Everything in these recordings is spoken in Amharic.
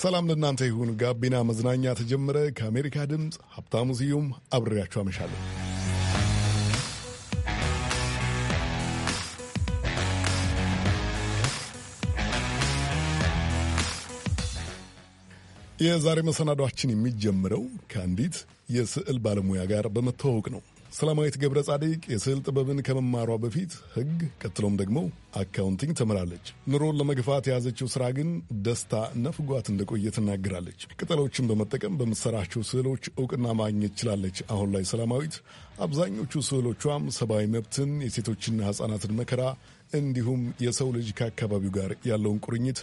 ሰላም ለእናንተ ይሁን። ጋቢና መዝናኛ ተጀመረ። ከአሜሪካ ድምፅ ሀብታሙ ስዩም አብሬያችሁ አመሻለሁ። የዛሬ መሰናዷችን የሚጀምረው ከአንዲት የስዕል ባለሙያ ጋር በመተዋወቅ ነው። ሰላማዊት ገብረ ጻድቅ የስዕል ጥበብን ከመማሯ በፊት ሕግ ቀጥሎም ደግሞ አካውንቲንግ ተምራለች። ኑሮን ለመግፋት የያዘችው ስራ ግን ደስታ ነፍጓት እንደቆየ ትናገራለች። ቅጠሎችን በመጠቀም በምትሰራቸው ስዕሎች እውቅና ማግኘት ችላለች። አሁን ላይ ሰላማዊት አብዛኞቹ ስዕሎቿም ሰብአዊ መብትን፣ የሴቶችና ሕፃናትን መከራ እንዲሁም የሰው ልጅ ከአካባቢው ጋር ያለውን ቁርኝት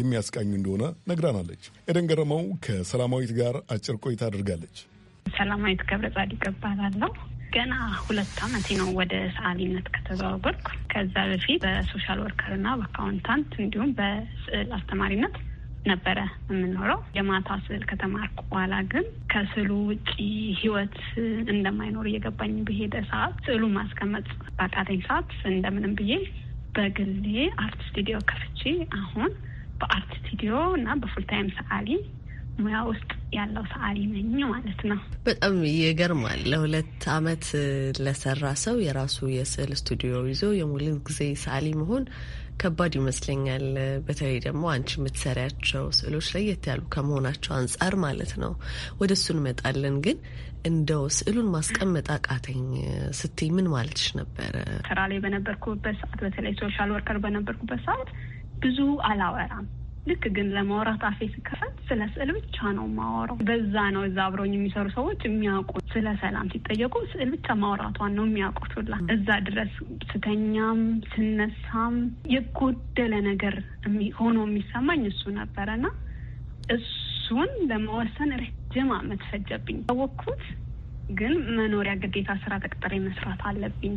የሚያስቃኙ እንደሆነ ነግራናለች። ኤደን ገረመው ከሰላማዊት ጋር አጭር ቆይታ አድርጋለች። ሰላማዊት ገብረ ጻድቅ እባላለሁ። ገና ሁለት አመቴ ነው ወደ ሰዓሊነት ከተዘዋወርኩ። ከዛ በፊት በሶሻል ወርከርና በአካውንታንት እንዲሁም በስዕል አስተማሪነት ነበረ የምኖረው። የማታ ስዕል ከተማርኩ በኋላ ግን ከስዕሉ ውጪ ህይወት እንደማይኖር እየገባኝ በሄደ ሰዓት ስዕሉ ማስቀመጥ ባቃተኝ ሰዓት እንደምንም ብዬ በግሌ አርት ስቱዲዮ ከፍቼ አሁን በአርት ስቱዲዮ እና በፉልታይም ሰአሊ ሙያ ውስጥ ያለው ሰዓሊ ነኝ ማለት ነው። በጣም ይገርማል። ለሁለት አመት ለሰራ ሰው የራሱ የስዕል ስቱዲዮ ይዞ የሙሉን ጊዜ ሰዓሊ መሆን ከባድ ይመስለኛል። በተለይ ደግሞ አንቺ የምትሰሪያቸው ስዕሎች ለየት ያሉ ከመሆናቸው አንጻር ማለት ነው። ወደ እሱ እንመጣለን። ግን እንደው ስዕሉን ማስቀመጥ አቃተኝ ስትይ ምን ማለትሽ ነበረ? ስራ ላይ በነበርኩበት ሰዓት፣ በተለይ ሶሻል ወርከር በነበርኩበት ሰዓት ብዙ አላወራም ልክ ግን ለማውራት አፌ ስከፈት ስለ ስዕል ብቻ ነው ማወራው። በዛ ነው እዛ አብረኝ የሚሰሩ ሰዎች የሚያውቁት። ስለ ሰላም ሲጠየቁ ስዕል ብቻ ማውራቷን ነው የሚያውቁት ሁላ እዛ ድረስ ስተኛም ስነሳም የጎደለ ነገር ሆኖ የሚሰማኝ እሱ ነበረና እሱን ለመወሰን ረጅም አመት ፈጀብኝ። ያወቅኩት ግን መኖሪያ ግዴታ ስራ ተቅጥሬ መስራት አለብኝ።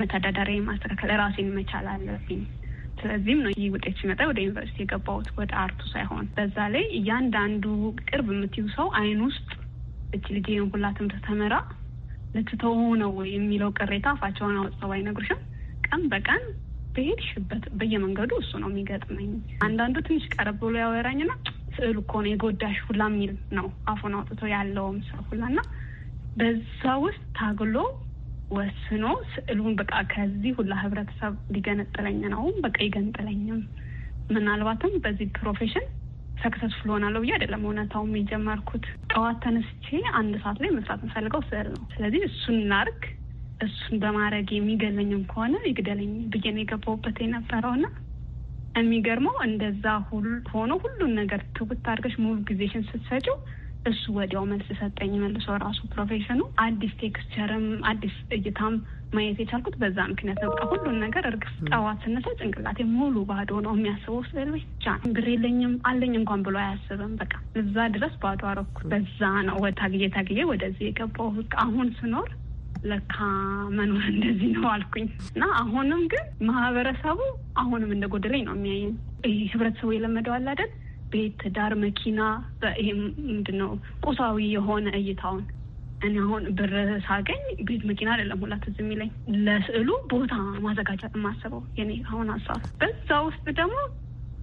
መተዳደሪያ ማስተካከል ራሴን መቻል አለብኝ። ስለዚህም ነው ይህ ውጤት ሲመጣ ወደ ዩኒቨርሲቲ የገባሁት ወደ አርቱ ሳይሆን። በዛ ላይ እያንዳንዱ ቅርብ የምትይው ሰው አይን ውስጥ እች ልጅ ሁላ ትምህርት ተምራ ልትተው ነው የሚለው ቅሬታ አፋቸውን አውጥተው አይነግሩሽም። ቀን በቀን በሄድሽበት በየመንገዱ እሱ ነው የሚገጥመኝ። አንዳንዱ ትንሽ ቀረብ ብሎ ያወራኝና ስዕሉ እኮ ነው የጎዳሽ ሁላ የሚል ነው አፉን አውጥቶ ያለውም ሰው ሁላና በዛ ውስጥ ታግሎ ወስኖ ስዕሉን በቃ ከዚህ ሁላ ህብረተሰብ ሊገነጥለኝ ነው፣ በቃ ይገንጥለኝም። ምናልባትም በዚህ ፕሮፌሽን ሰክሰስፉል ሆናለሁ ብዬ አይደለም እውነታውም የጀመርኩት። ጠዋት ተነስቼ አንድ ሰዓት ላይ መስራት የምፈልገው ስዕል ነው። ስለዚህ እሱን ላርግ፣ እሱን በማድረግ የሚገለኝም ከሆነ ይግደለኝ ብዬ ነው የገባሁበት የነበረውና የሚገርመው እንደዛ ሆኖ ሁሉን ነገር ትውት አድርገሽ ሙሉ ስትሰጪው እሱ ወዲያው መልስ ሰጠኝ መልሶ ራሱ ፕሮፌሽኑ አዲስ ቴክስቸርም አዲስ እይታም ማየት የቻልኩት በዛ ምክንያት ነው። በቃ ሁሉን ነገር እርግፍ ጠዋት ስነሳ ጭንቅላቴ ሙሉ ባዶ ነው። የሚያስበው ስዕል ብቻ ብር የለኝም አለኝ እንኳን ብሎ አያስብም። በቃ እዛ ድረስ ባዶ አረኩ። በዛ ነው ወታግዬ ታግዬ ወደዚህ የገባው። በቃ አሁን ስኖር ለካ መኖር እንደዚህ ነው አልኩኝ እና አሁንም ግን ማህበረሰቡ አሁንም እንደ ጎደለኝ ነው የሚያየኝ። ይህ ህብረተሰቡ የለመደው አለ አይደል ቤት፣ ዳር መኪና ይሄ ምንድነው ቁሳዊ የሆነ እይታውን እኔ አሁን ብር ሳገኝ ቤት መኪና አይደለም ሁላት እዚህ የሚለኝ ለስዕሉ ቦታ ማዘጋጃ የማስበው የኔ አሁን ሀሳብ። በዛ ውስጥ ደግሞ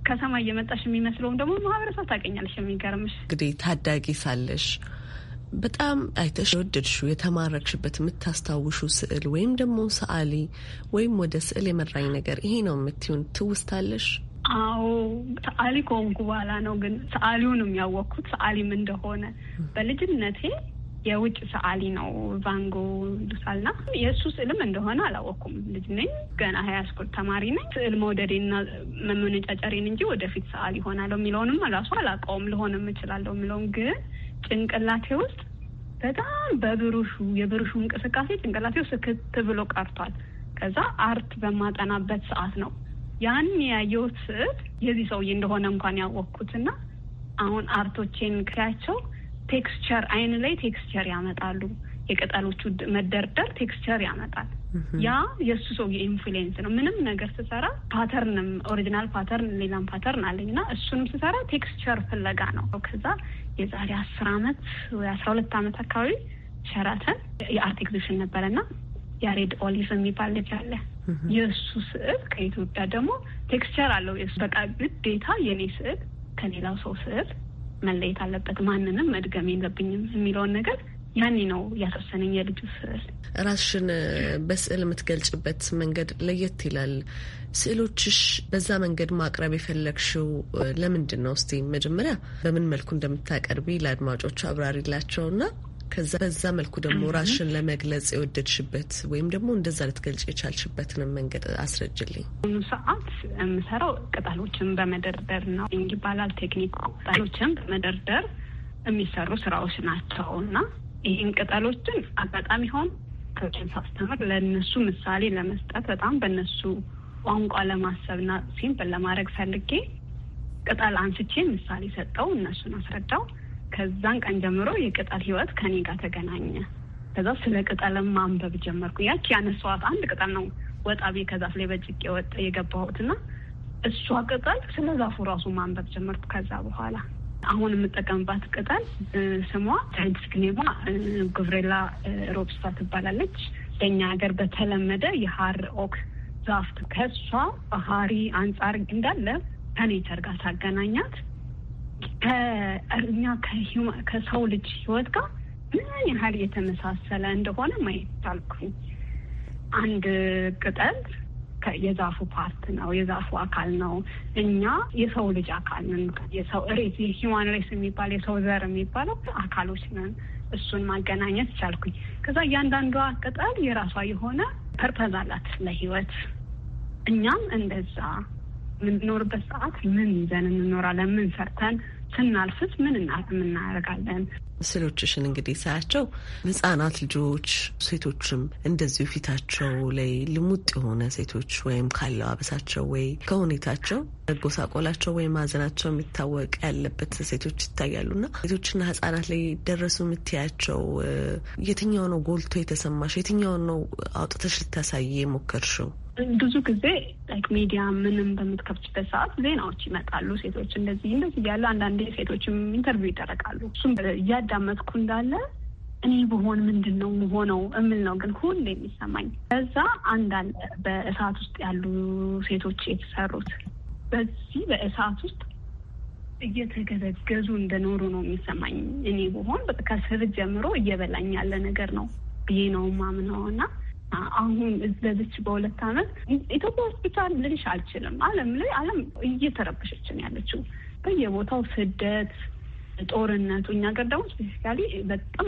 ከሰማይ እየመጣሽ የሚመስለውም ደግሞ ማህበረሰብ ታገኛለሽ። የሚገርምሽ እንግዲህ ታዳጊ ሳለሽ በጣም አይተሽ የወደድሽው የተማረክሽበት የምታስታውሹ ስዕል ወይም ደግሞ ሰዓሊ ወይም ወደ ስዕል የመራኝ ነገር ይሄ ነው የምትሆን ትውስታለሽ? አዎ ሰዓሊ ከሆንኩ በኋላ ነው ግን ሰዓሊውንም የሚያወቅኩት ሰዓሊም እንደሆነ በልጅነቴ የውጭ ሰዓሊ ነው ቫንጎ ዱሳልና የእሱ ስዕልም እንደሆነ አላወቅኩም። ልጅ ነኝ ገና ሀያ ስኩል ተማሪ ነኝ። ስዕል መውደዴና መመነጫጨሬን እንጂ ወደፊት ሰዓሊ ይሆናለሁ የሚለውንም ራሱ አላውቀውም። ልሆንም እችላለሁ የሚለውን ግን ጭንቅላቴ ውስጥ በጣም በብሩሹ የብሩሹ እንቅስቃሴ ጭንቅላቴ ውስጥ ክት ብሎ ቀርቷል። ከዛ አርት በማጠናበት ሰዓት ነው ያን ያየሁት ስዕል የዚህ ሰውዬ እንደሆነ እንኳን ያወቅኩትና አሁን አርቶቼን ክያቸው ቴክስቸር አይን ላይ ቴክስቸር ያመጣሉ። የቅጠሎቹ መደርደር ቴክስቸር ያመጣል። ያ የእሱ ሰውዬ ኢንፍሉዌንስ ነው። ምንም ነገር ስሰራ ፓተርንም ኦሪጂናል ፓተርን ሌላም ፓተርን አለኝ እና እሱንም ስሰራ ቴክስቸር ፍለጋ ነው። ከዛ የዛሬ አስር አመት ወይ አስራ ሁለት አመት አካባቢ ሸራተን የአርት ኤግዚቢሽን ነበረና ያሬድ ኦሊቭ የሚባል ልጅ አለ Mm-hmm. የእሱ ስዕል ከኢትዮጵያ ደግሞ ቴክስቸር አለው። የሱ በቃ ግዴታ የኔ ስዕል ከሌላው ሰው ስዕል መለየት አለበት፣ ማንንም መድገም የለብኝም የሚለውን ነገር ያኔ ነው ያሳሰነኝ የልጁ ስዕል። ራስሽን በስዕል የምትገልጭበት መንገድ ለየት ይላል። ስዕሎችሽ በዛ መንገድ ማቅረብ የፈለግሽው ለምንድን ነው? እስቲ መጀመሪያ በምን መልኩ እንደምታቀርቢ ለአድማጮቹ አብራሪላቸውና ከዛ በዛ መልኩ ደግሞ ራሽን ለመግለጽ የወደድሽበት ወይም ደግሞ እንደዛ ልትገልጭ የቻልሽበትንም መንገድ አስረጅልኝ። ብዙ ሰዓት የምሰራው ቅጠሎችን በመደርደር ነው። ይባላል ቴክኒክ ቅጠሎችን በመደርደር የሚሰሩ ስራዎች ናቸው እና ይህን ቅጠሎችን አጋጣሚ ሆን ሰዎችን ሳስተምር ለእነሱ ምሳሌ ለመስጠት በጣም በእነሱ ቋንቋ ለማሰብና ሲምፕል ለማድረግ ፈልጌ ቅጠል አንስቼ ምሳሌ ሰጠው፣ እነሱን አስረዳው። ከዛን ቀን ጀምሮ የቅጠል ህይወት ከኔ ጋር ተገናኘ። ከዛ ስለ ቅጠልም ማንበብ ጀመርኩ። ያች ያነሷት አንድ ቅጠል ነው ወጣ ቤ ከዛፍ ላይ በጭቅ የወጠ የገባሁት እና እሷ ቅጠል ስለ ዛፉ ራሱ ማንበብ ጀመርኩ። ከዛ በኋላ አሁን የምጠቀምባት ቅጠል ስሟ ሳይንስክኔማ ጉብሬላ ሮብስታ ትባላለች። በእኛ ሀገር በተለመደ የሀር ኦክ ዛፍ ከእሷ ባህሪ አንጻር እንዳለ ከኔቸር ጋር ታገናኛት እኛ ከሰው ልጅ ህይወት ጋር ምን ያህል የተመሳሰለ እንደሆነ ማየት ቻልኩኝ። አንድ ቅጠል የዛፉ ፓርት ነው፣ የዛፉ አካል ነው። እኛ የሰው ልጅ አካል ነን። የሰው ሬስ ሂውማን ሬስ የሚባል የሰው ዘር የሚባለው አካሎች ነን። እሱን ማገናኘት ቻልኩኝ። ከዛ እያንዳንዷ ቅጠል የራሷ የሆነ ፐርፐዝ አላት ለህይወት። እኛም እንደዛ የምንኖርበት ሰዓት ምን ይዘን እንኖራለን? ምን ሰርተን ስናልፍት ምን እናደርጋለን? ምስሎችሽን እንግዲህ ሳያቸው ህጻናት ልጆች፣ ሴቶችም እንደዚሁ ፊታቸው ላይ ልሙጥ የሆነ ሴቶች ወይም ካለባበሳቸው ወይ ከሁኔታቸው መጎሳቆላቸው ወይም ሀዘናቸው የሚታወቅ ያለበት ሴቶች ይታያሉና ሴቶችና ህጻናት ላይ ደረሱ የምትያቸው የትኛው ነው ጎልቶ የተሰማሽ? የትኛው ነው አውጥተሽ ልታሳይ የሞከርሽው? ብዙ ጊዜ ላይክ ሚዲያ ምንም በምትከፍችበት ሰዓት ዜናዎች ይመጣሉ። ሴቶች እንደዚህ እንደዚህ እያለ አንዳንዴ ሴቶችም ኢንተርቪው ይደረጋሉ። እሱም እያዳመጥኩ እንዳለ እኔ በሆን ምንድን ነው መሆነው እምል ነው ግን ሁሌ የሚሰማኝ ከዛ አንድ አለ በእሳት ውስጥ ያሉ ሴቶች የተሰሩት በዚህ በእሳት ውስጥ እየተገዘገዙ እንደኖሩ ነው የሚሰማኝ። እኔ በሆን ከስር ጀምሮ እየበላኝ ያለ ነገር ነው ብዬ ነው ማምነው እና አሁን በዚች በሁለት ዓመት ኢትዮጵያ ሆስፒታል ልልሽ አልችልም። ዓለም ላይ ዓለም እየተረበሸችን ያለችው በየቦታው ስደት፣ ጦርነቱ እኛ ሀገር ደግሞ ስፔሲካሊ በጣም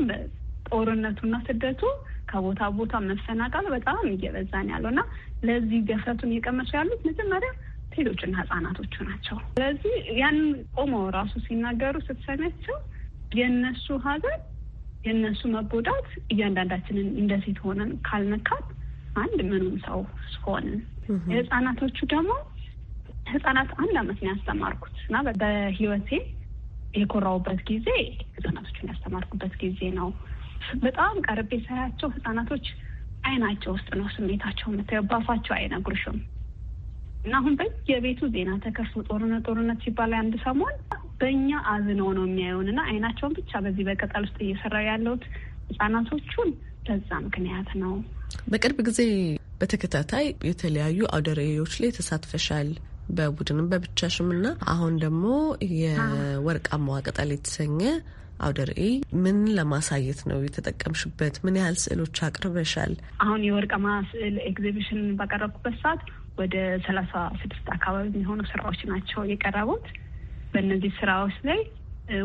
ጦርነቱና ስደቱ ከቦታ ቦታ መፈናቀል በጣም እየበዛ ያለው እና ለዚህ ገፈቱን እየቀመሱ ያሉት መጀመሪያ ሴቶችና ህጻናቶቹ ናቸው። ስለዚህ ያንን ቆመው ራሱ ሲናገሩ ስትሰሚያቸው የእነሱ ሀዘን የእነሱ መጎዳት እያንዳንዳችንን እንደ ሴት ሆነን ካልነካት አንድ ምንም ሰው ሆንን። የህጻናቶቹ ደግሞ ህጻናት አንድ አመት ነው ያስተማርኩት እና በህይወቴ የኮራውበት ጊዜ ህጻናቶቹን ያስተማርኩበት ጊዜ ነው። በጣም ቀርቤ ሳያቸው ህጻናቶች አይናቸው ውስጥ ነው ስሜታቸው የምታየው፣ ባፋቸው አይነግሩሽም። እና አሁን በየቤቱ ዜና ተከፍቶ ጦርነት ጦርነት ሲባል አንድ ሰሞን በእኛ አዝነው ነው የሚያዩን እና አይናቸውን ብቻ በዚህ በቅጠል ውስጥ እየሰራ ያለሁት ህጻናቶቹን በዛ ምክንያት ነው። በቅርብ ጊዜ በተከታታይ የተለያዩ አውደ ርዕዮች ላይ ተሳትፈሻል። በቡድንም በብቻሽም እና አሁን ደግሞ የወርቃማዋ ቅጠል የተሰኘ አውደ ርዕይ ምን ለማሳየት ነው የተጠቀምሽበት? ምን ያህል ስዕሎች አቅርበሻል? አሁን የወርቃማ ስዕል ኤግዚቢሽን ባቀረብኩበት ሰዓት ወደ ሰላሳ ስድስት አካባቢ የሚሆኑ ስራዎች ናቸው የቀረቡት። በእነዚህ ስራዎች ላይ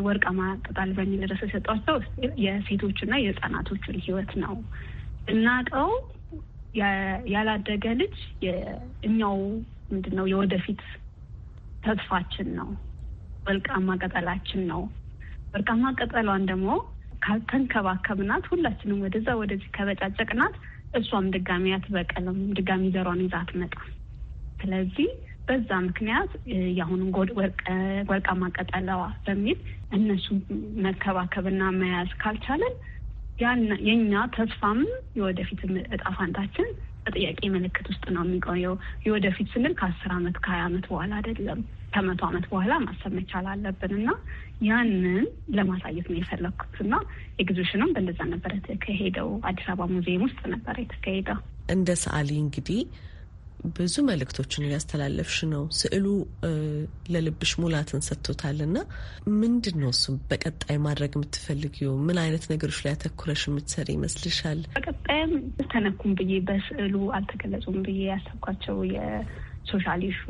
ወርቃማ ቅጠል በሚል ርዕስ የሰጧቸው የሴቶችና የህፃናቶችን ህይወት ነው። እናቀው ያላደገ ልጅ እኛው ምንድን ነው የወደፊት ተስፋችን ነው፣ ወርቃማ ቅጠላችን ነው። ወርቃማ ቅጠሏን ደግሞ ካልተንከባከብናት፣ ሁላችንም ወደዛ ወደዚህ ከበጫጨቅናት፣ እሷም ድጋሚ አትበቀልም፣ ድጋሚ ዘሯን ይዛ አትመጣም። ስለዚህ በዛ ምክንያት የአሁኑን ወርቃማ ቀጠለዋ በሚል እነሱ መከባከብና መያዝ ካልቻለን የኛ ተስፋም የወደፊት እጣ ፋንታችን በጥያቄ ምልክት ውስጥ ነው የሚቆየው። የወደፊት ስንል ከአስር አመት ከሀያ አመት በኋላ አይደለም ከመቶ አመት በኋላ ማሰብ መቻል አለብን እና ያንን ለማሳየት ነው የፈለግኩት እና ኤግዚቢሽንም በእንደዛ ነበረ ከሄደው አዲስ አበባ ሙዚየም ውስጥ ነበረ የተካሄደው። እንደ ሰዓሊ እንግዲህ ብዙ መልእክቶችን እያስተላለፍሽ ነው። ስዕሉ ለልብሽ ሙላትን ሰጥቶታል እና ምንድን ነው እሱ በቀጣይ ማድረግ የምትፈልጊው? ምን አይነት ነገሮች ላይ ያተኩረሽ የምትሰሪ ይመስልሻል? በቀጣይም ተነኩም ብዬ በስዕሉ አልተገለጹም ብዬ ያሰብኳቸው ሶሻል ኢሹ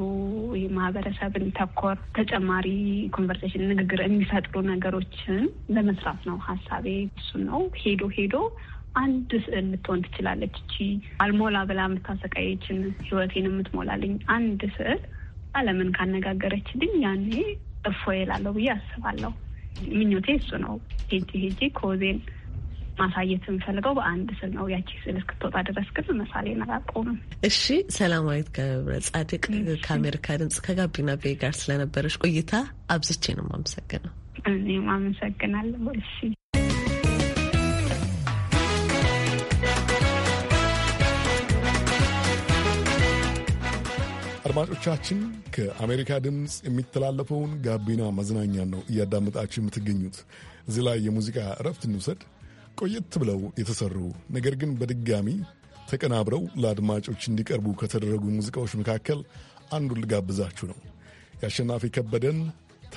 የማህበረሰብን ተኮር ተጨማሪ ኮንቨርሴሽን ንግግር የሚፈጥሩ ነገሮችን ለመስራት ነው ሀሳቤ። እሱ ነው ሄዶ ሄዶ አንድ ስዕል ልትሆን ትችላለች። እቺ አልሞላ ብላ የምታሰቃየችን ህይወቴን የምትሞላልኝ አንድ ስዕል ዓለምን ካነጋገረችልኝ ያኔ እፎ እላለሁ ብዬ አስባለሁ። ምኞቴ እሱ ነው። ሄጂ ሄጂ ኮዜን ማሳየት የምፈልገው በአንድ ስል ነው። ያቺ ስል እስክትወጣ ድረስ ግን መሳሌ አላቆምም። እሺ፣ ሰላማዊት ገብረ ጻድቅ ከአሜሪካ ድምጽ ከጋቢና ቤ ጋር ስለነበረች ቆይታ አብዝቼ ነው የማመሰግነው። እኔም አመሰግናለሁ። እሺ አድማጮቻችን ከአሜሪካ ድምፅ የሚተላለፈውን ጋቢና መዝናኛ ነው እያዳመጣችሁ የምትገኙት። እዚህ ላይ የሙዚቃ እረፍት እንውሰድ። ቆየት ብለው የተሰሩ ነገር ግን በድጋሚ ተቀናብረው ለአድማጮች እንዲቀርቡ ከተደረጉ ሙዚቃዎች መካከል አንዱን ልጋብዛችሁ ነው። የአሸናፊ ከበደን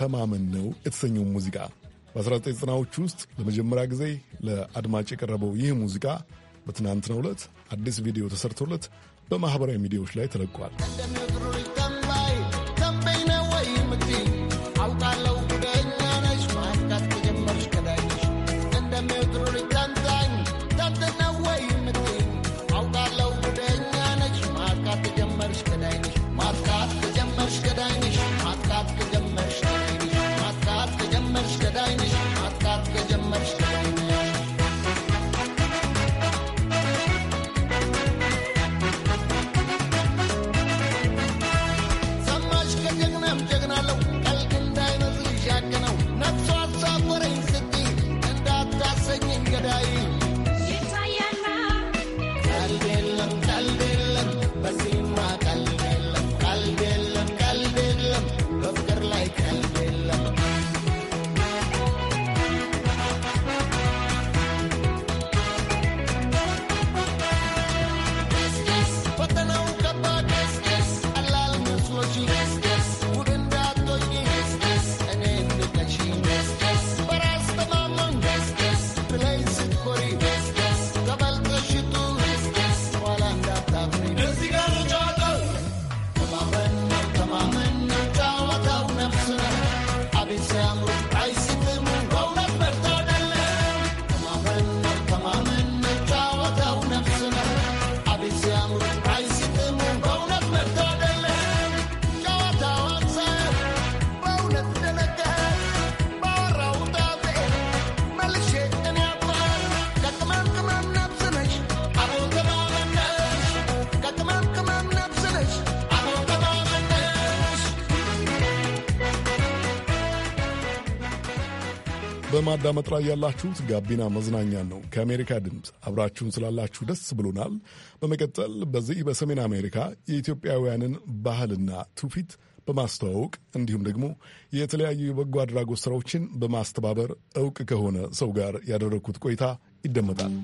ተማመን ነው የተሰኘው ሙዚቃ በ1990ዎቹ ውስጥ ለመጀመሪያ ጊዜ ለአድማጭ የቀረበው ይህ ሙዚቃ በትናንትናው ዕለት አዲስ ቪዲዮ ተሰርቶለት በማኅበራዊ ሚዲያዎች ላይ ተለቋል። በማዳመጥ ላይ ያላችሁት ጋቢና መዝናኛን ነው ከአሜሪካ ድምፅ። አብራችሁን ስላላችሁ ደስ ብሎናል። በመቀጠል በዚህ በሰሜን አሜሪካ የኢትዮጵያውያንን ባህልና ትውፊት በማስተዋወቅ እንዲሁም ደግሞ የተለያዩ የበጎ አድራጎት ስራዎችን በማስተባበር እውቅ ከሆነ ሰው ጋር ያደረግኩት ቆይታ ይደመጣል።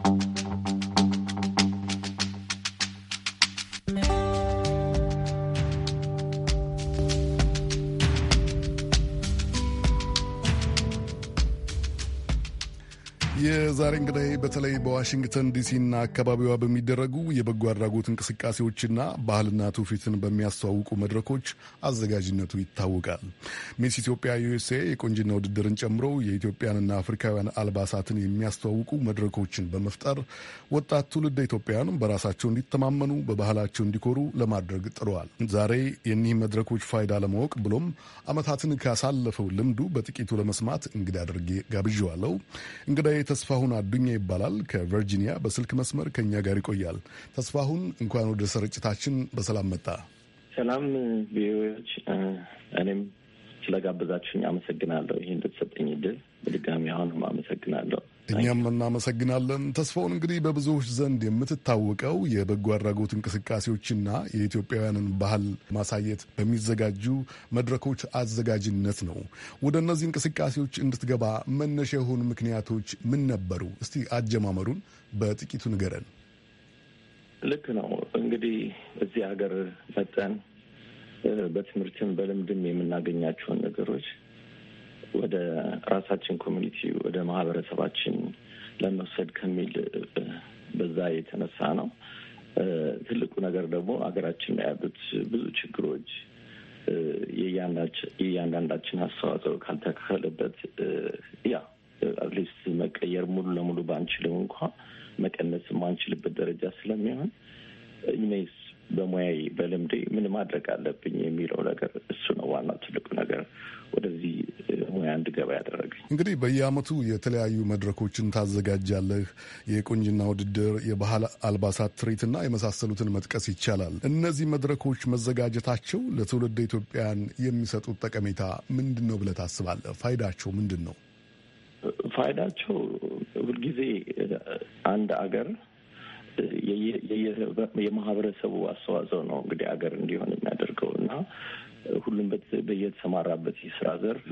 የዛሬ እንግዳይ በተለይ በዋሽንግተን ዲሲና አካባቢዋ በሚደረጉ የበጎ አድራጎት እንቅስቃሴዎችና ባህልና ትውፊትን በሚያስተዋውቁ መድረኮች አዘጋጅነቱ ይታወቃል። ሚስ ኢትዮጵያ ዩኤስኤ የቆንጅና ውድድርን ጨምሮ የኢትዮጵያንና አፍሪካውያን አልባሳትን የሚያስተዋውቁ መድረኮችን በመፍጠር ወጣት ትውልደ ኢትዮጵያውያን በራሳቸው እንዲተማመኑ፣ በባህላቸው እንዲኮሩ ለማድረግ ጥረዋል። ዛሬ የኒህ መድረኮች ፋይዳ ለማወቅ ብሎም ዓመታትን ካሳለፈው ልምዱ በጥቂቱ ለመስማት እንግዳ አድርጌ ጋብዣዋለሁ። እንግዳ ተስፋሁን አዱኛ ይባላል። ከቨርጂኒያ በስልክ መስመር ከእኛ ጋር ይቆያል። ተስፋሁን እንኳን ወደ ስርጭታችን በሰላም መጣ። ሰላም ቪዎች እኔም ስለጋበዛችሁኝ አመሰግናለሁ። ይህ እንድትሰጠኝ ድል በድጋሚ አሁንም አመሰግናለሁ። እኛም እናመሰግናለን። ተስፋውን እንግዲህ በብዙዎች ዘንድ የምትታወቀው የበጎ አድራጎት እንቅስቃሴዎችና የኢትዮጵያውያንን ባህል ማሳየት በሚዘጋጁ መድረኮች አዘጋጅነት ነው። ወደ እነዚህ እንቅስቃሴዎች እንድትገባ መነሻ የሆኑ ምክንያቶች ምን ነበሩ? እስቲ አጀማመሩን በጥቂቱ ንገረን። ልክ ነው እንግዲህ እዚህ ሀገር መጠን በትምህርትም በልምድም የምናገኛቸውን ነገሮች ወደ ራሳችን ኮሚኒቲ ወደ ማህበረሰባችን ለመውሰድ ከሚል በዛ የተነሳ ነው። ትልቁ ነገር ደግሞ ሀገራችን ላይ ያሉት ብዙ ችግሮች የእያንዳንዳችን አስተዋጽኦ ካልተከለበት ያ አትሊስት መቀየር ሙሉ ለሙሉ ባንችልም እንኳ መቀነስ ማንችልበት ደረጃ ስለሚሆን ኢሜይስ በሙያዬ በልምዴ ምን ማድረግ አለብኝ የሚለው ነገር እሱ ነው ዋናው ትልቁ ነገር ወደዚህ ሙያ እንድገባ ያደረገኝ። እንግዲህ በየአመቱ የተለያዩ መድረኮችን ታዘጋጃለህ። የቁንጅና ውድድር፣ የባህል አልባሳት ትርኢትና የመሳሰሉትን መጥቀስ ይቻላል። እነዚህ መድረኮች መዘጋጀታቸው ለትውልድ ኢትዮጵያን የሚሰጡት ጠቀሜታ ምንድን ነው ብለህ ታስባለህ? ፋይዳቸው ምንድን ነው? ፋይዳቸው ሁልጊዜ አንድ አገር የማህበረሰቡ አስተዋጽኦ ነው እንግዲህ ሀገር እንዲሆን የሚያደርገው እና ሁሉም በየተሰማራበት የስራ ዘርፍ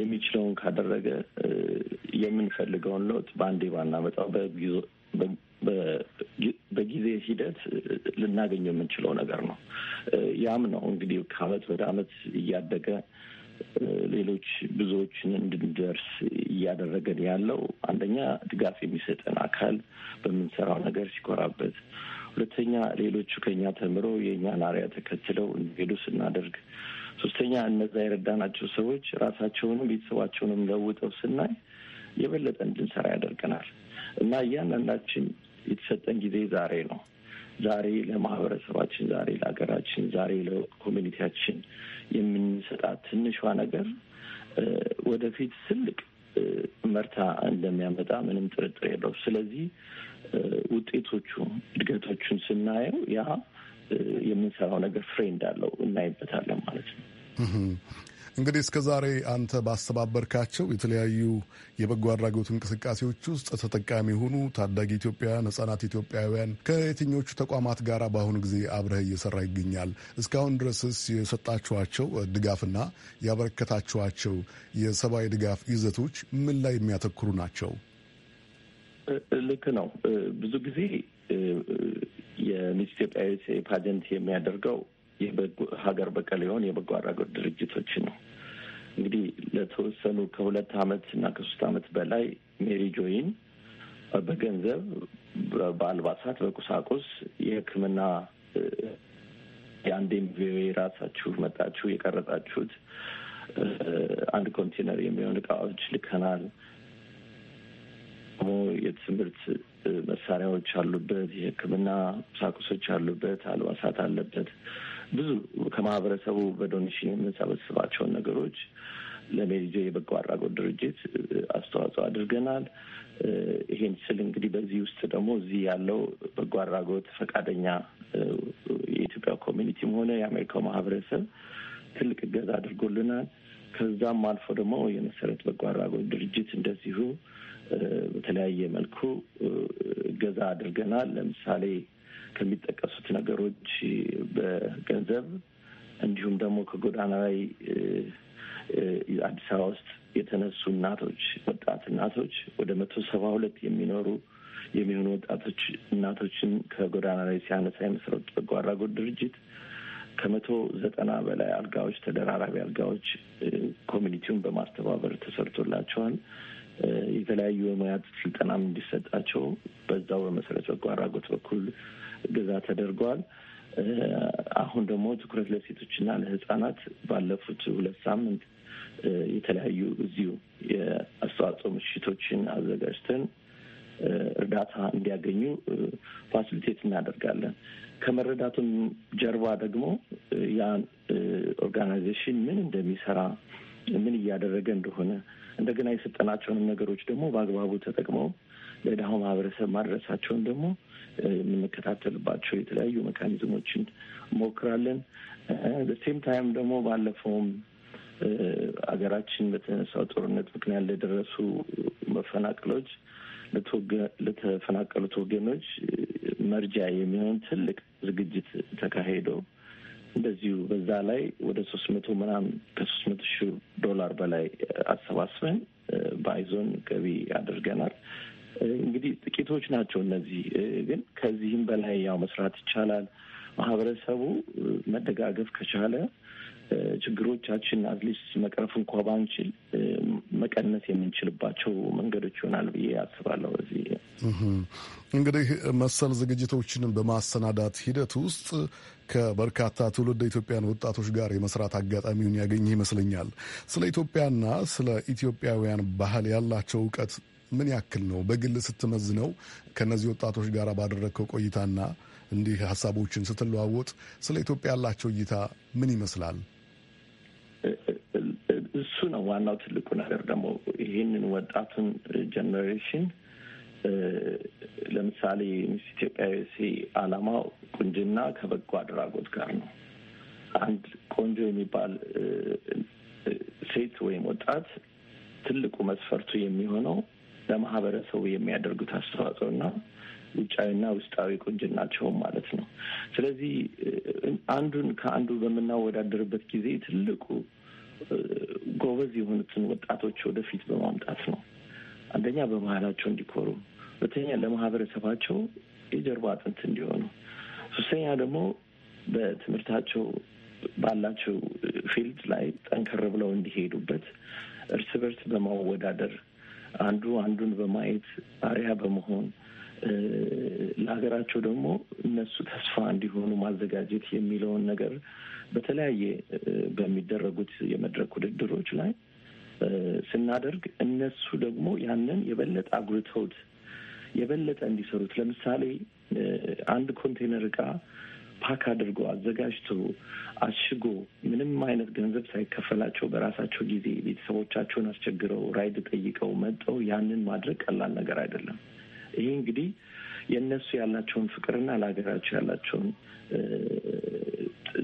የሚችለውን ካደረገ የምንፈልገውን ለውጥ በአንዴ ባናመጣው በጊዜ ሂደት ልናገኘው የምንችለው ነገር ነው። ያም ነው እንግዲህ ከአመት ወደ አመት እያደገ ሌሎች ብዙዎችን እንድንደርስ እያደረገን ያለው አንደኛ ድጋፍ የሚሰጠን አካል በምንሰራው ነገር ሲኮራበት፣ ሁለተኛ ሌሎቹ ከኛ ተምረው የእኛን አርያ ተከትለው እንዲሄዱ ስናደርግ፣ ሶስተኛ እነዛ የረዳናቸው ሰዎች ራሳቸውንም ቤተሰባቸውንም ለውጠው ስናይ የበለጠ እንድንሰራ ያደርገናል እና እያንዳንዳችን የተሰጠን ጊዜ ዛሬ ነው። ዛሬ ለማህበረሰባችን፣ ዛሬ ለሀገራችን፣ ዛሬ ለኮሚኒቲያችን የምንሰጣት ትንሿ ነገር ወደፊት ትልቅ መርታ እንደሚያመጣ ምንም ጥርጥር የለው። ስለዚህ ውጤቶቹ እድገቶቹን ስናየው ያ የምንሰራው ነገር ፍሬ እንዳለው እናይበታለን ማለት ነው። እንግዲህ እስከ ዛሬ አንተ ባስተባበርካቸው የተለያዩ የበጎ አድራጎት እንቅስቃሴዎች ውስጥ ተጠቃሚ የሆኑ ታዳጊ ኢትዮጵያውያን፣ ህጻናት ኢትዮጵያውያን ከየትኞቹ ተቋማት ጋር በአሁኑ ጊዜ አብረህ እየሰራ ይገኛል? እስካሁን ድረስስ የሰጣችኋቸው ድጋፍና ያበረከታችኋቸው የሰብአዊ ድጋፍ ይዘቶች ምን ላይ የሚያተኩሩ ናቸው? ልክ ነው። ብዙ ጊዜ የሚስ ኢትዮጵያዊ ፓጀንት የሚያደርገው ሀገር በቀል የሆን የበጎ አድራጎት ድርጅቶች ነው። እንግዲህ ለተወሰኑ ከሁለት አመት እና ከሶስት አመት በላይ ሜሪ ጆይን በገንዘብ በአልባሳት፣ በቁሳቁስ የሕክምና የአንዴም ቪኦኤ ራሳችሁ መጣችሁ የቀረጣችሁት አንድ ኮንቴነር የሚሆን እቃዎች ልከናል። የትምህርት መሳሪያዎች አሉበት፣ የህክምና ቁሳቁሶች አሉበት፣ አልባሳት አለበት። ብዙ ከማህበረሰቡ በዶኔሽን የምንሰበስባቸውን ነገሮች ለሜሪጆ የበጎ አድራጎት ድርጅት አስተዋጽኦ አድርገናል። ይሄን ስል እንግዲህ በዚህ ውስጥ ደግሞ እዚህ ያለው በጎ አድራጎት ፈቃደኛ የኢትዮጵያ ኮሚኒቲም ሆነ የአሜሪካው ማህበረሰብ ትልቅ እገዛ አድርጎልናል። ከዛም አልፎ ደግሞ የመሰረት በጎ አድራጎት ድርጅት እንደዚሁ በተለያየ መልኩ እገዛ አድርገናል። ለምሳሌ ከሚጠቀሱት ነገሮች በገንዘብ እንዲሁም ደግሞ ከጎዳና ላይ አዲስ አበባ ውስጥ የተነሱ እናቶች ወጣት እናቶች ወደ መቶ ሰባ ሁለት የሚኖሩ የሚሆኑ ወጣቶች እናቶችን ከጎዳና ላይ ሲያነሳ የመሰረት በጎ አድራጎት ድርጅት ከመቶ ዘጠና በላይ አልጋዎች ተደራራቢ አልጋዎች ኮሚኒቲውን በማስተባበር ተሰርቶላቸዋል። የተለያዩ የሙያት ስልጠናም እንዲሰጣቸው በዛው በመሰረት በጎ አድራጎት በኩል እገዛ ተደርገዋል። አሁን ደግሞ ትኩረት ለሴቶችና ለህጻናት ባለፉት ሁለት ሳምንት የተለያዩ እዚሁ የአስተዋጽኦ ምሽቶችን አዘጋጅተን እርዳታ እንዲያገኙ ፋሲሊቴት እናደርጋለን። ከመረዳቱም ጀርባ ደግሞ ያን ኦርጋናይዜሽን ምን እንደሚሰራ ምን እያደረገ እንደሆነ እንደገና የሰጠናቸውንም ነገሮች ደግሞ በአግባቡ ተጠቅመው ለድሃው ማህበረሰብ ማድረሳቸውን ደግሞ የምንከታተልባቸው የተለያዩ ሜካኒዝሞችን እንሞክራለን። በሴም ታይም ደግሞ ባለፈውም አገራችን በተነሳው ጦርነት ምክንያት ለደረሱ መፈናቀሎች ለተፈናቀሉት ወገኖች መርጃ የሚሆን ትልቅ ዝግጅት ተካሂዶ እንደዚሁ በዛ ላይ ወደ ሶስት መቶ ምናም ከሶስት መቶ ሺህ ዶላር በላይ አሰባስበን በአይዞን ገቢ አድርገናል። እንግዲህ ጥቂቶች ናቸው እነዚህ። ግን ከዚህም በላይ ያው መስራት ይቻላል። ማህበረሰቡ መደጋገፍ ከቻለ ችግሮቻችን አትሊስት መቅረፍ እንኳ ባንችል መቀነስ የምንችልባቸው መንገዶች ይሆናል ብዬ አስባለሁ። እዚህ እንግዲህ መሰል ዝግጅቶችን በማሰናዳት ሂደት ውስጥ ከበርካታ ትውልድ ኢትዮጵያን ወጣቶች ጋር የመስራት አጋጣሚውን ያገኘ ይመስለኛል። ስለ ኢትዮጵያና ስለ ኢትዮጵያውያን ባህል ያላቸው እውቀት ምን ያክል ነው በግል ስትመዝነው ከእነዚህ ወጣቶች ጋር ባደረግከው ቆይታና እንዲህ ሀሳቦችን ስትለዋወጥ ስለ ኢትዮጵያ ያላቸው እይታ ምን ይመስላል? እሱ ነው ዋናው ትልቁ ነገር። ደግሞ ይህንን ወጣቱን ጀኔሬሽን ለምሳሌ ሚስ ኢትዮጵያ ዩሲ አላማው ቁንጅና ከበጎ አድራጎት ጋር ነው። አንድ ቆንጆ የሚባል ሴት ወይም ወጣት ትልቁ መስፈርቱ የሚሆነው ለማህበረሰቡ የሚያደርጉት አስተዋጽኦና ውጫዊና ውስጣዊ ቁንጅናቸውም ማለት ነው። ስለዚህ አንዱን ከአንዱ በምናወዳደርበት ጊዜ ትልቁ ጎበዝ የሆኑትን ወጣቶች ወደፊት በማምጣት ነው። አንደኛ በባህላቸው እንዲኮሩ፣ ሁለተኛ ለማህበረሰባቸው የጀርባ አጥንት እንዲሆኑ፣ ሶስተኛ ደግሞ በትምህርታቸው ባላቸው ፊልድ ላይ ጠንከር ብለው እንዲሄዱበት እርስ በርስ በማወዳደር አንዱ አንዱን በማየት አሪያ በመሆን ለሀገራቸው ደግሞ እነሱ ተስፋ እንዲሆኑ ማዘጋጀት የሚለውን ነገር በተለያየ በሚደረጉት የመድረክ ውድድሮች ላይ ስናደርግ እነሱ ደግሞ ያንን የበለጠ አጉልተውት የበለጠ እንዲሰሩት ለምሳሌ አንድ ኮንቴነር እቃ ፓክ አድርጎ አዘጋጅቶ አሽጎ ምንም አይነት ገንዘብ ሳይከፈላቸው በራሳቸው ጊዜ ቤተሰቦቻቸውን አስቸግረው ራይድ ጠይቀው መጠው ያንን ማድረግ ቀላል ነገር አይደለም። ይሄ እንግዲህ የእነሱ ያላቸውን ፍቅርና ለሀገራቸው ያላቸውን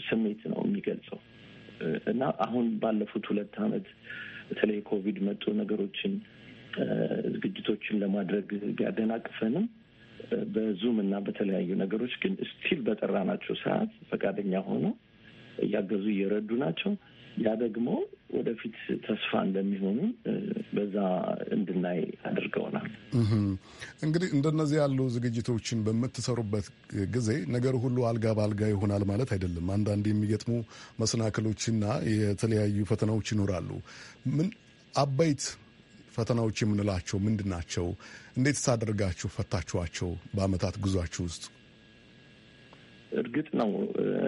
ስሜት ነው የሚገልጸው እና አሁን ባለፉት ሁለት ዓመት በተለይ ኮቪድ መጡ ነገሮችን ዝግጅቶችን ለማድረግ ቢያደናቅፈንም በዙም እና በተለያዩ ነገሮች ግን ስቲል በጠራ ናቸው ሰዓት ፈቃደኛ ሆኖ እያገዙ እየረዱ ናቸው። ያ ደግሞ ወደፊት ተስፋ እንደሚሆኑ በዛ እንድናይ አድርገውናል። እንግዲህ እንደነዚህ ያሉ ዝግጅቶችን በምትሰሩበት ጊዜ ነገር ሁሉ አልጋ በአልጋ ይሆናል ማለት አይደለም። አንዳንድ የሚገጥሙ መሰናክሎችና የተለያዩ ፈተናዎች ይኖራሉ። ምን አበይት ፈተናዎች የምንላቸው ምንድን ናቸው? እንዴት ሳደርጋችሁ ፈታችኋቸው? በአመታት ጉዟችሁ ውስጥ እርግጥ ነው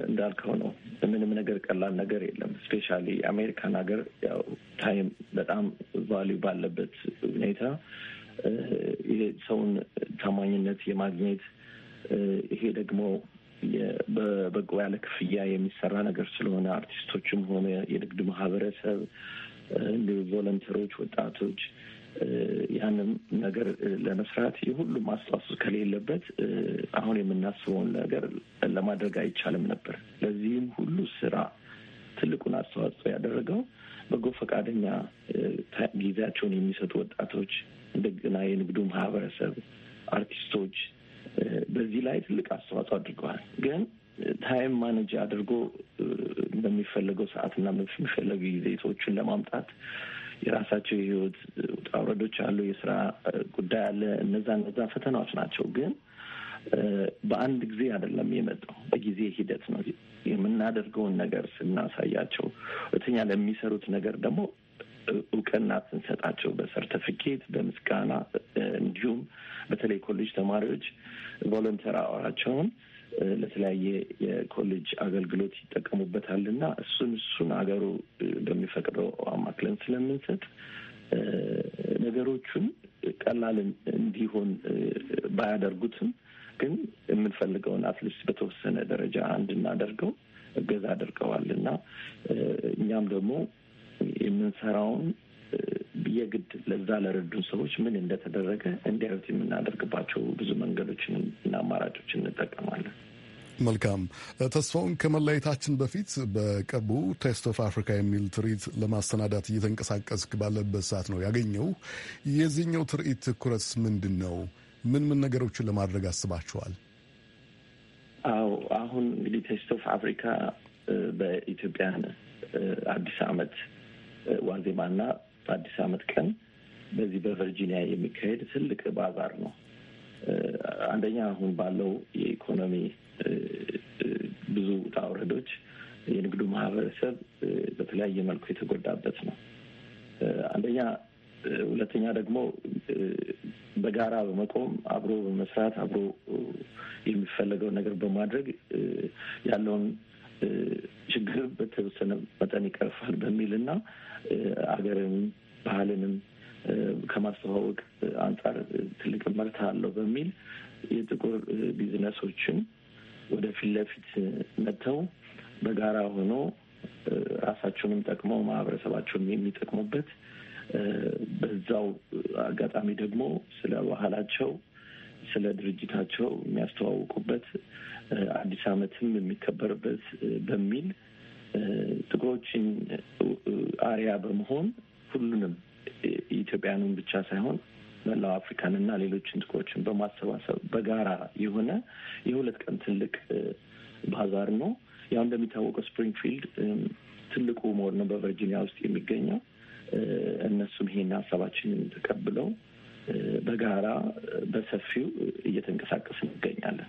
እንዳልከው ነው። ምንም ነገር ቀላል ነገር የለም። ስፔሻሊ አሜሪካን ሀገር ያው ታይም በጣም ቫሊዩ ባለበት ሁኔታ ይሄ ሰውን ታማኝነት የማግኘት ይሄ ደግሞ በበጎ ያለ ክፍያ የሚሰራ ነገር ስለሆነ አርቲስቶችም ሆነ የንግድ ማህበረሰብ እንዲሁ ቮለንተሮች፣ ወጣቶች ያንን ነገር ለመስራት የሁሉም አስተዋጽኦ ከሌለበት አሁን የምናስበውን ነገር ለማድረግ አይቻልም ነበር። ለዚህም ሁሉ ስራ ትልቁን አስተዋጽኦ ያደረገው በጎ ፈቃደኛ ጊዜያቸውን የሚሰጡ ወጣቶች፣ እንደገና የንግዱ ማህበረሰብ፣ አርቲስቶች በዚህ ላይ ትልቅ አስተዋጽኦ አድርገዋል ግን ታይም ማኔጅ አድርጎ በሚፈለገው ሰዓትና በሚፈለገው ጊዜ ሰዎቹን ለማምጣት የራሳቸው የህይወት ውጣ ውረዶች አሉ፣ የስራ ጉዳይ አለ። እነዛ እነዛ ፈተናዎች ናቸው። ግን በአንድ ጊዜ አይደለም የመጣው፣ በጊዜ ሂደት ነው። የምናደርገውን ነገር ስናሳያቸው፣ እተኛ ለሚሰሩት ነገር ደግሞ እውቅና ስንሰጣቸው በሰርተፊኬት በምስጋና እንዲሁም በተለይ ኮሌጅ ተማሪዎች ቮለንተር አወራቸውን ለተለያየ የኮሌጅ አገልግሎት ይጠቀሙበታል እና እሱን እሱን አገሩ በሚፈቅደው አማክለን ስለምንሰጥ ነገሮቹን ቀላል እንዲሆን ባያደርጉትም ግን የምንፈልገውን አትሊስት በተወሰነ ደረጃ እንድናደርገው እገዛ አድርገዋል እና እኛም ደግሞ የምንሰራውን የግድ ለዛ ለረዱን ሰዎች ምን እንደተደረገ እንዲያዩት የምናደርግባቸው ብዙ መንገዶችን እና አማራጮችን እንጠቀማለን። መልካም ተስፋውን ከመለየታችን በፊት በቅርቡ ቴስት ኦፍ አፍሪካ የሚል ትርኢት ለማሰናዳት እየተንቀሳቀስክ ባለበት ሰዓት ነው ያገኘው። የዚህኛው ትርኢት ትኩረትስ ምንድን ነው? ምን ምን ነገሮችን ለማድረግ አስባችኋል? አዎ አሁን እንግዲህ ቴስት ኦፍ አፍሪካ በኢትዮጵያ አዲስ ዓመት ዋዜማና በአዲስ ዓመት ቀን በዚህ በቨርጂኒያ የሚካሄድ ትልቅ ባዛር ነው። አንደኛ አሁን ባለው የኢኮኖሚ ብዙ ውጣ ውረዶች የንግዱ ማህበረሰብ በተለያየ መልኩ የተጎዳበት ነው። አንደኛ ሁለተኛ ደግሞ በጋራ በመቆም አብሮ በመስራት አብሮ የሚፈለገውን ነገር በማድረግ ያለውን ችግር በተወሰነ መጠን ይቀርፋል በሚል እና አገርንም ባህልንም ከማስተዋወቅ አንጻር ትልቅ መርት አለው በሚል የጥቁር ቢዝነሶችን ወደ ፊት ለፊት መጥተው በጋራ ሆኖ ራሳቸውንም ጠቅመው ማህበረሰባቸውን የሚጠቅሙበት በዛው አጋጣሚ ደግሞ ስለ ባህላቸው ስለ ድርጅታቸው የሚያስተዋውቁበት አዲስ ዓመትም የሚከበርበት በሚል ጥቁሮችን አሪያ በመሆን ሁሉንም ኢትዮጵያንን ብቻ ሳይሆን መላው አፍሪካን እና ሌሎችን ጥቁሮችን በማሰባሰብ በጋራ የሆነ የሁለት ቀን ትልቅ ባዛር ነው። ያው እንደሚታወቀው ስፕሪንግፊልድ ትልቁ ሞል ነው በቨርጂኒያ ውስጥ የሚገኘው። እነሱም ይሄን ሀሳባችንን ተቀብለው በጋራ በሰፊው እየተንቀሳቀስ እንገኛለን።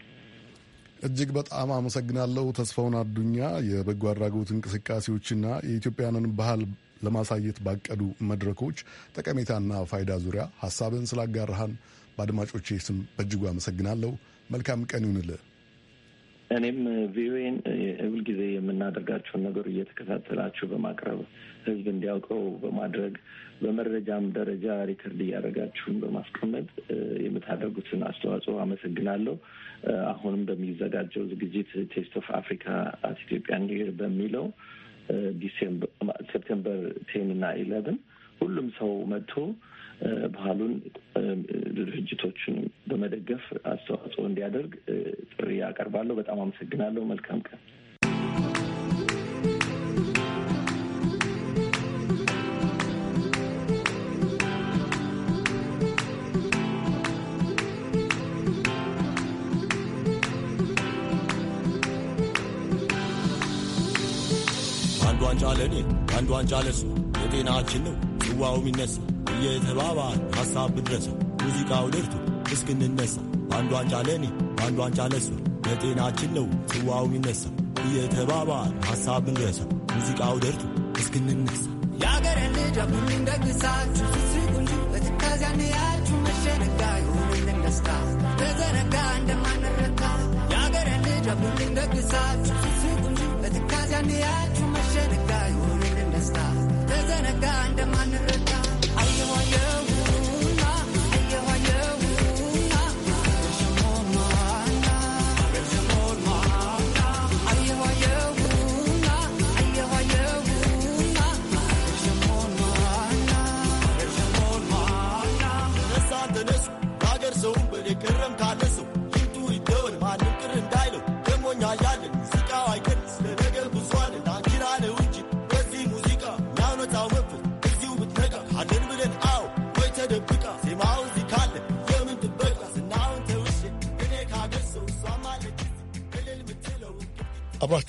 እጅግ በጣም አመሰግናለሁ። ተስፋውን አዱኛ የበጎ አድራጎት እንቅስቃሴዎችና የኢትዮጵያንን ባህል ለማሳየት ባቀዱ መድረኮች ጠቀሜታና ፋይዳ ዙሪያ ሀሳብን ስላጋርሃን በአድማጮቼ ስም በእጅጉ አመሰግናለሁ። መልካም ቀን ይሁንልህ። እኔም ቪኦኤን ሁልጊዜ የምናደርጋቸውን ነገሩ እየተከታተላችሁ በማቅረብ ህዝብ እንዲያውቀው በማድረግ በመረጃም ደረጃ ሪከርድ እያደረጋችሁን በማስቀመጥ የምታደርጉትን አስተዋጽኦ አመሰግናለሁ። አሁንም በሚዘጋጀው ዝግጅት ቴስት ኦፍ አፍሪካ አት ኢትዮጵያ እንዲሄድ በሚለው ሴፕቴምበር ቴን እና ሁሉም ሰው መጥቶ ባህሉን ድርጅቶችን በመደገፍ አስተዋጽኦ እንዲያደርግ ጥሪ ያቀርባለሁ። በጣም አመሰግናለሁ። መልካም ቀን። አንዷን አንዱ አንዷን ቻለሱ የጤናችን ነው ጽዋው የሚነሳ እየተባባል ሐሳብ ብድረሰው ሙዚቃው ደርቱ እስክንነሳ አንዷ አንጫ ለእኔ አንዷ አንጫ ለሱ ለጤናችን ነው ጽዋው ሚነሳ እየተባባል ሐሳብ ብድረሰው ሙዚቃው ደርቱ እስክንነሳ የአገሬን ልጅ አብሉኝ እንደግሳችሁ ስስቁ በትካዚያን ያችሁ መሸነጋ ይሁንልን ደስታ ተዘነጋ እንደማንረካ የአገሬን ልጅ አብሉኝ እንደግሳችሁ ስስቁ በትካዚያን ያችሁ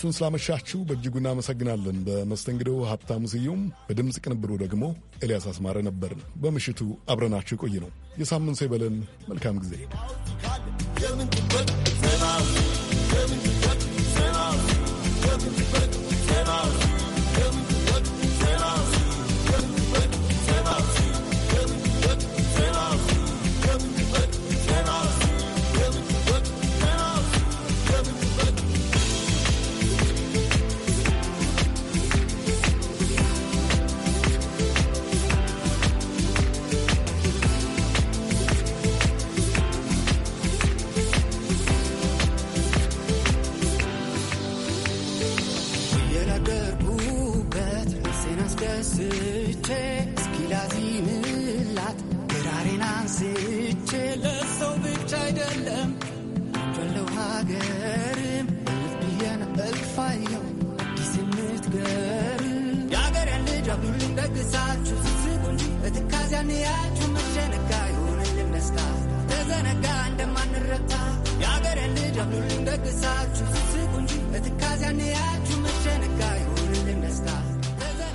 አብራችሁን ስላመሻችሁ በእጅጉ እናመሰግናለን። በመስተንግዶው ሀብታሙ ስዩም፣ በድምፅ ቅንብሩ ደግሞ ኤልያስ አስማረ ነበርን። በምሽቱ አብረናችሁ ቆይ ነው። የሳምንት ሰው ይበለን። መልካም ጊዜ። Come on.